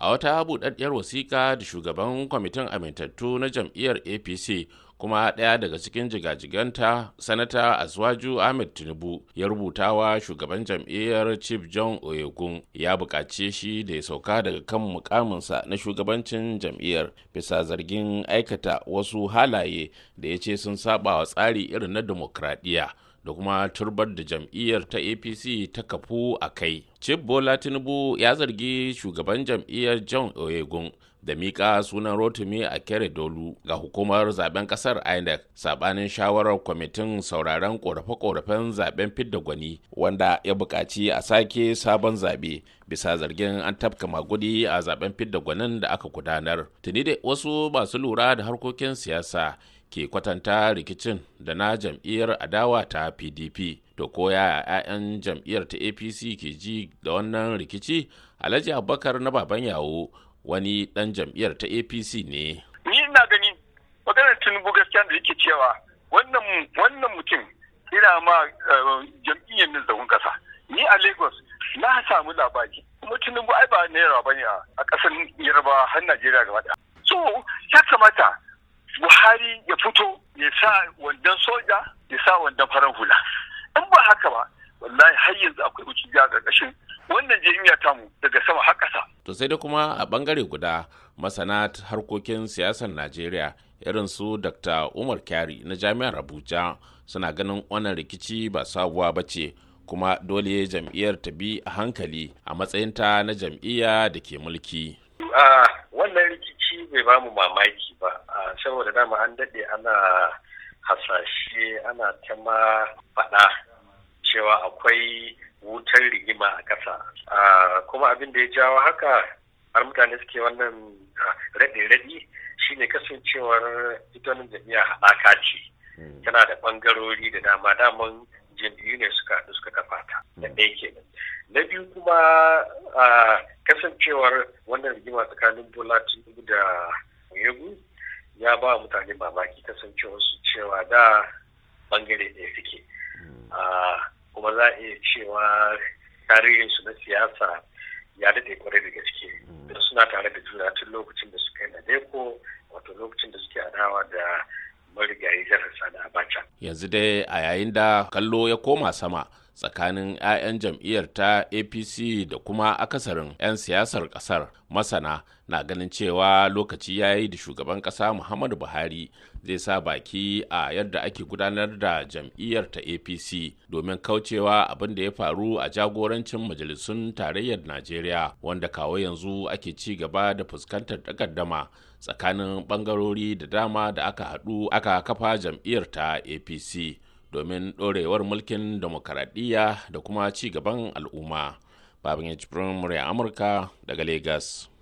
a wata buɗaɗɗiyar wasiƙa da shugaban kwamitin amintattu na jam'iyyar apc kuma ɗaya daga cikin jigajiganta sanata aswaju ahmed tinubu ya rubutawa shugaban jam'iyyar chief john oyegun ya buƙace shi da ya sauka daga kan mukaminsa na shugabancin jam'iyyar bisa zargin aikata wasu halaye da ya ce sun saba wa tsari irin na demokradiyya da kuma turbar da jam'iyyar ta apc ta kafu a kai Chief Bola Tinubu ya zargi shugaban jam'iyyar John Oyegun da miƙa sunan Rotimi a kere dolu ga hukumar zaben ƙasar INEC sabanin shawarar kwamitin sauraron ƙorafe korafen zaben fidda gwani wanda ya buƙaci a sake sabon zabe bisa zargin an tafka magudi a zaben fidda gwanin da aka gudanar. Tuni da wasu masu lura da harkokin siyasa ke kwatanta rikicin da na jam'iyyar adawa ta PDP. to ko yaya 'ya'yan jam'iyyar ta apc ke ji da wannan rikici alhaji abubakar na baban yawo wani dan jam'iyyar ta apc ne ni ina gani maganar tinubu gaskiya da yake cewa wannan wannan mutum ina ma eh, jam'iyyar nan zagon kasa ni a lagos na samu labari kuma tinubu ai ba naira bane a kasar yarba har najeriya gaba daya so ya kamata buhari ya fito ya sa wandon soja ya sa wandon farar hula haka ba wallahi har yanzu akwai wucin a ƙarƙashin wannan jami'a tamu daga sama har ƙasa. To sai dai kuma a ɓangare guda masana harkokin siyasar Najeriya irin su Dr. Umar Kyari na Jami'ar Abuja suna ganin wannan rikici ba sabuwa ba ce kuma dole jam'iyyar ta bi a hankali a matsayinta na jam'iyya da ke mulki. wannan rikici bai ba mu mamaki ba saboda dama an daɗe ana hasashe ana tama faɗa cewa akwai wutar rigima a ƙasa kuma abin da ya jawo haka har mutane suke wannan raɗe-raɗi shine kasancewar ita jami'a haɗaka ce hmm. tana da ɓangarori da dama daman jam'iyyu ne suka haɗu suka kafa ta da hmm. ɗaya kenan na biyu kuma kasancewar wannan rigima tsakanin bola tinubu da yegu ya ba mutane mamaki kasancewar su cewa da ɓangare ɗaya suke hmm. kuma za a iya cewa tarihinsu na siyasa ya daɗe kwarai da gaske mm. da suna tare da juna tun lokacin da suka yi na deko wato lokacin da suke adawa da marigayi jihar sani abacha yanzu dai a yayin da kallo ya koma sama tsakanin 'ya'yan jam'iyyar ta apc da kuma akasarin 'yan siyasar kasar masana na ganin cewa lokaci ya yi da shugaban kasa muhammadu buhari zai sa baki a yadda ake gudanar da jam'iyyar ta apc domin kaucewa abin da ya faru a jagorancin majalisun tarayyar najeriya wanda kawo yanzu ake ci gaba da fuskantar takaddama tsakanin bangarori da dama da aka haɗu aka kafa jam'iyyar ta apc domin ɗorewar mulkin demokaradiyya da kuma ci gaban al'umma. Babin Jibrin murya Amurka daga Legas.